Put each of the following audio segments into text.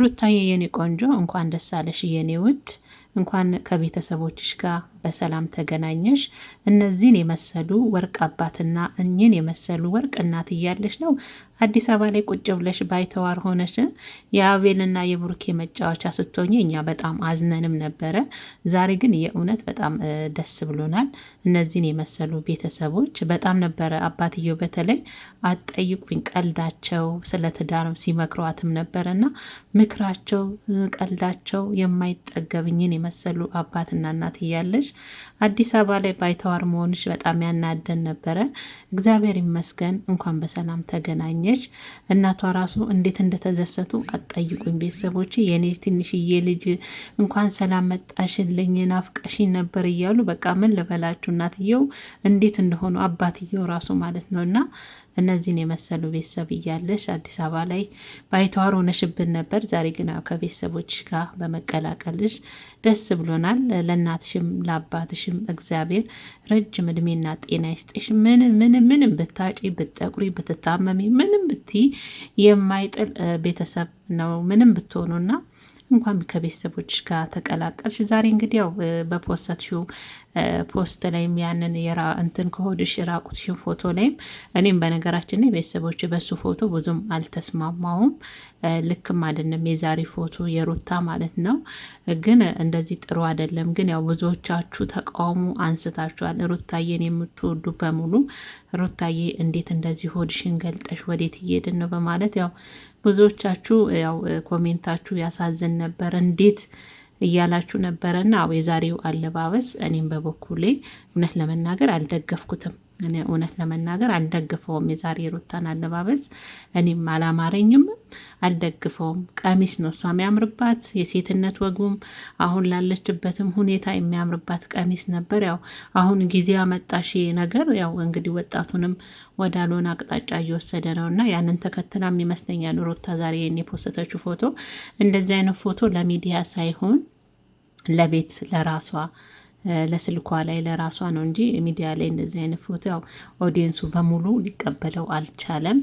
ሩታዬ የኔ ቆንጆ እንኳን ደስ አለሽ የኔ ውድ፣ እንኳን ከቤተሰቦችሽ ጋር በሰላም ተገናኘሽ። እነዚህን የመሰሉ ወርቅ አባትና እኚህን የመሰሉ ወርቅ እናት እያለሽ ነው አዲስ አበባ ላይ ቁጭ ብለሽ ባይተዋር ሆነሽ የአቤልና የብሩኬ መጫወቻ ስትሆኝ እኛ በጣም አዝነንም ነበረ። ዛሬ ግን የእውነት በጣም ደስ ብሎናል። እነዚህን የመሰሉ ቤተሰቦች በጣም ነበረ። አባትየው በተለይ አጠይቁኝ ቀልዳቸው ስለ ትዳር ሲመክሯትም ነበረና ምክራቸው፣ ቀልዳቸው የማይጠገብኝን የመሰሉ አባትና እናት እያለሽ አዲስ አበባ ላይ ባይተዋር መሆንሽ በጣም ያናደን ነበረ። እግዚአብሔር ይመስገን እንኳን በሰላም ተገናኘች። እናቷ ራሱ እንዴት እንደተደሰቱ አጠይቁኝ። ቤተሰቦች የኔ ትንሽዬ ልጅ እንኳን ሰላም መጣሽልኝ፣ ናፍቀሽኝ ነበር እያሉ በቃ ምን ልበላችሁ እናትየው እንዴት እንደሆኑ አባትየው ራሱ ማለት ነው እና እነዚህን የመሰሉ ቤተሰብ እያለሽ አዲስ አበባ ላይ ባይተዋር ሆነሽብን ነበር። ዛሬ ግን ከቤተሰቦች ጋር በመቀላቀልሽ ደስ ብሎናል። ለእናትሽም ለአባትሽም እግዚአብሔር ረጅም እድሜና ጤና ይስጥሽ። ምንም ምንም ምንም ብታጪ፣ ብትጠቁሪ፣ ብትታመሚ፣ ምንም ብትይ የማይጥል ቤተሰብ ነው። ምንም ብትሆኑና እንኳን ከቤተሰቦች ጋር ተቀላቀልሽ። ዛሬ እንግዲህ ያው በፖሰት ፖስት ላይም ያንን እንትን ከሆድሽ የራቁትሽን ፎቶ ላይም እኔም በነገራችን ቤተሰቦች በሱ ፎቶ ብዙም አልተስማማውም። ልክም አይደለም የዛሬ ፎቶ የሩታ ማለት ነው። ግን እንደዚህ ጥሩ አይደለም። ግን ያው ብዙዎቻችሁ ተቃውሞ አንስታችኋል። ሩታዬን የምትወዱ በሙሉ ሩታዬ እንዴት እንደዚህ ሆድሽን ገልጠሽ ወዴት እየሄድን ነው በማለት ያው ብዙዎቻችሁ ያው ኮሜንታችሁ ያሳዝን ነበር እንዴት እያላችሁ ነበረና አዎ የዛሬው አለባበስ እኔም በበኩሌ እውነት ለመናገር አልደገፍኩትም። እውነት ለመናገር አልደግፈውም። የዛሬ ሩታን አለባበስ እኔም አላማረኝም፣ አልደግፈውም። ቀሚስ ነው እሷ የሚያምርባት የሴትነት ወጉም አሁን ላለችበትም ሁኔታ የሚያምርባት ቀሚስ ነበር። ያው አሁን ጊዜ አመጣሽ ነገር ያው እንግዲህ ወጣቱንም ወዳልሆነ አቅጣጫ እየወሰደ ነው እና ያንን ተከትላም ይመስለኛል ሩታ ዛሬ የፖስተችው ፎቶ እንደዚህ አይነት ፎቶ ለሚዲያ ሳይሆን ለቤት ለራሷ ለስልኳ ላይ ለራሷ ነው እንጂ ሚዲያ ላይ እንደዚህ አይነት ፎቶ ያው ኦዲየንሱ በሙሉ ሊቀበለው አልቻለም።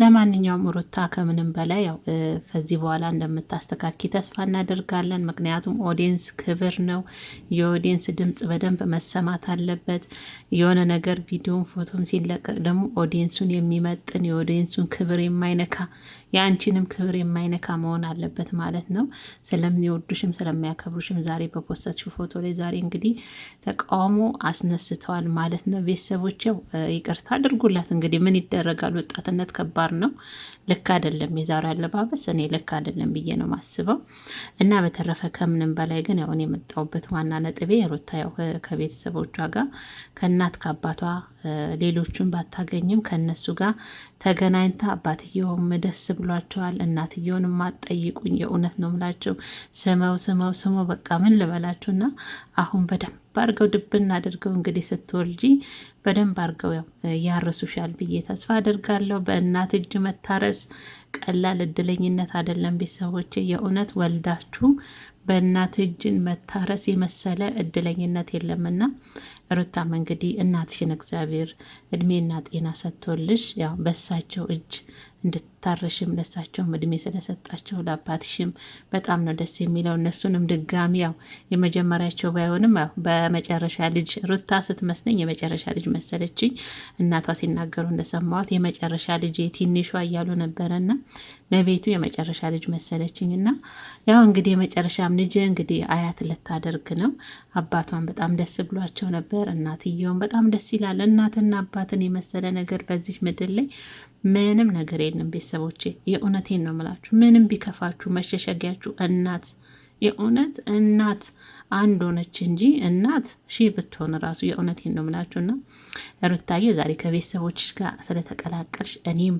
ለማንኛውም ሩታ ከምንም በላይ ያው ከዚህ በኋላ እንደምታስተካኪ ተስፋ እናደርጋለን። ምክንያቱም ኦዲየንስ ክብር ነው። የኦዲየንስ ድምጽ በደንብ መሰማት አለበት። የሆነ ነገር ቪዲዮን ፎቶም ሲለቀቅ ደግሞ ኦዲየንሱን የሚመጥን የኦዲየንሱን ክብር የማይነካ የአንቺንም ክብር የማይነካ መሆን አለበት ማለት ነው። ስለሚወዱሽም ስለሚያከብሩሽም ዛሬ በፖስተችው ፎቶ ላይ ዛሬ እንግዲህ ተቃውሞ አስነስተዋል ማለት ነው። ቤተሰቦቼው ይቅርታ አድርጉላት። እንግዲህ ምን ይደረጋል፣ ወጣትነት ከባድ ነው። ልክ አይደለም የዛሬ አለባበስ፣ እኔ ልክ አይደለም ብዬ ነው ማስበው። እና በተረፈ ከምንም በላይ ግን ያሁን የመጣውበት ዋና ነጥቤ ሩታ ያው ከቤተሰቦቿ ጋር ከእናት ከአባቷ ሌሎቹን ባታገኝም ከእነሱ ጋር ተገናኝታ አባትየውም ደስ ብሏቸዋል። እናትየውን ማጠይቁኝ የእውነት ነው ምላቸው ስመው ስመው ስመው በቃ ምን ልበላችሁና አሁን በደም አድርገው ድብን አድርገው እንግዲህ ስትወልጂ በደንብ አርገው ያርሱሻል ብዬ ተስፋ አድርጋለሁ። በእናት እጅ መታረስ ቀላል እድለኝነት አይደለም። ቤተሰቦች የእውነት ወልዳችሁ በእናት እጅን መታረስ የመሰለ እድለኝነት የለምና ሩታም እንግዲህ እናትሽን እግዚአብሔር እድሜና ጤና ሰጥቶልሽ ያው በሳቸው እጅ እንድታረሽም ለሳቸውም እድሜ ስለሰጣቸው ለአባትሽም በጣም ነው ደስ የሚለው። እነሱንም ድጋሚ ያው የመጀመሪያቸው ባይሆንም ያው በመጨረሻ ልጅ ሩታ ስትመስለኝ የመጨረሻ ልጅ መሰለችኝ እናቷ ሲናገሩ እንደሰማዋት የመጨረሻ ልጅ ትንሿ እያሉ ነበረና ለቤቱ የመጨረሻ ልጅ መሰለችኝ። እና ያው እንግዲህ የመጨረሻም ልጅ እንግዲህ አያት ልታደርግ ነው። አባቷን በጣም ደስ ብሏቸው ነበር። ነገር እናትየውን በጣም ደስ ይላል። እናትና አባትን የመሰለ ነገር በዚህ ምድር ላይ ምንም ነገር የለም። ቤተሰቦቼ የእውነቴን ነው የምላችሁ። ምንም ቢከፋችሁ መሸሸጊያችሁ እናት የእውነት እናት አንድ ሆነች እንጂ እናት ሺህ ብትሆን ራሱ የእውነት ነው የምላችሁና ሩታዬ ዛሬ ከቤተሰቦችሽ ጋር ስለተቀላቀልሽ እኔም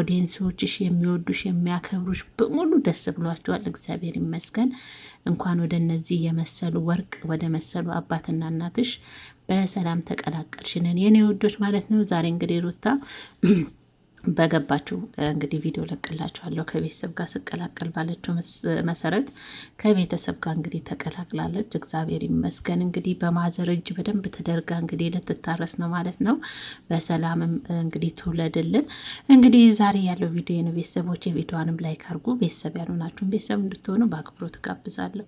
ኦዲየንሶችሽ የሚወዱሽ የሚያከብሩሽ በሙሉ ደስ ብሏቸዋል። እግዚአብሔር ይመስገን። እንኳን ወደ እነዚህ የመሰሉ ወርቅ ወደ መሰሉ አባትና እናትሽ በሰላም ተቀላቀልሽንን የኔ ውዶች ማለት ነው። ዛሬ እንግዲህ ሩታ በገባችው እንግዲህ ቪዲዮ ለቅላችኋለሁ። ከቤተሰብ ጋር ስቀላቀል ባለችው መሰረት ከቤተሰብ ጋር እንግዲህ ተቀላቅላለች። እግዚአብሔር ይመስገን። እንግዲህ በማዘር እጅ በደንብ ተደርጋ እንግዲህ ልትታረስ ነው ማለት ነው። በሰላምም እንግዲህ ትውለድልን። እንግዲህ ዛሬ ያለው ቪዲዮ ነው። ቤተሰቦች የቪዲዮንም ላይክ ካርጉ ቤተሰብ ያልሆናችሁን ቤተሰብ እንድትሆኑ በአክብሮት ጋብዛለሁ።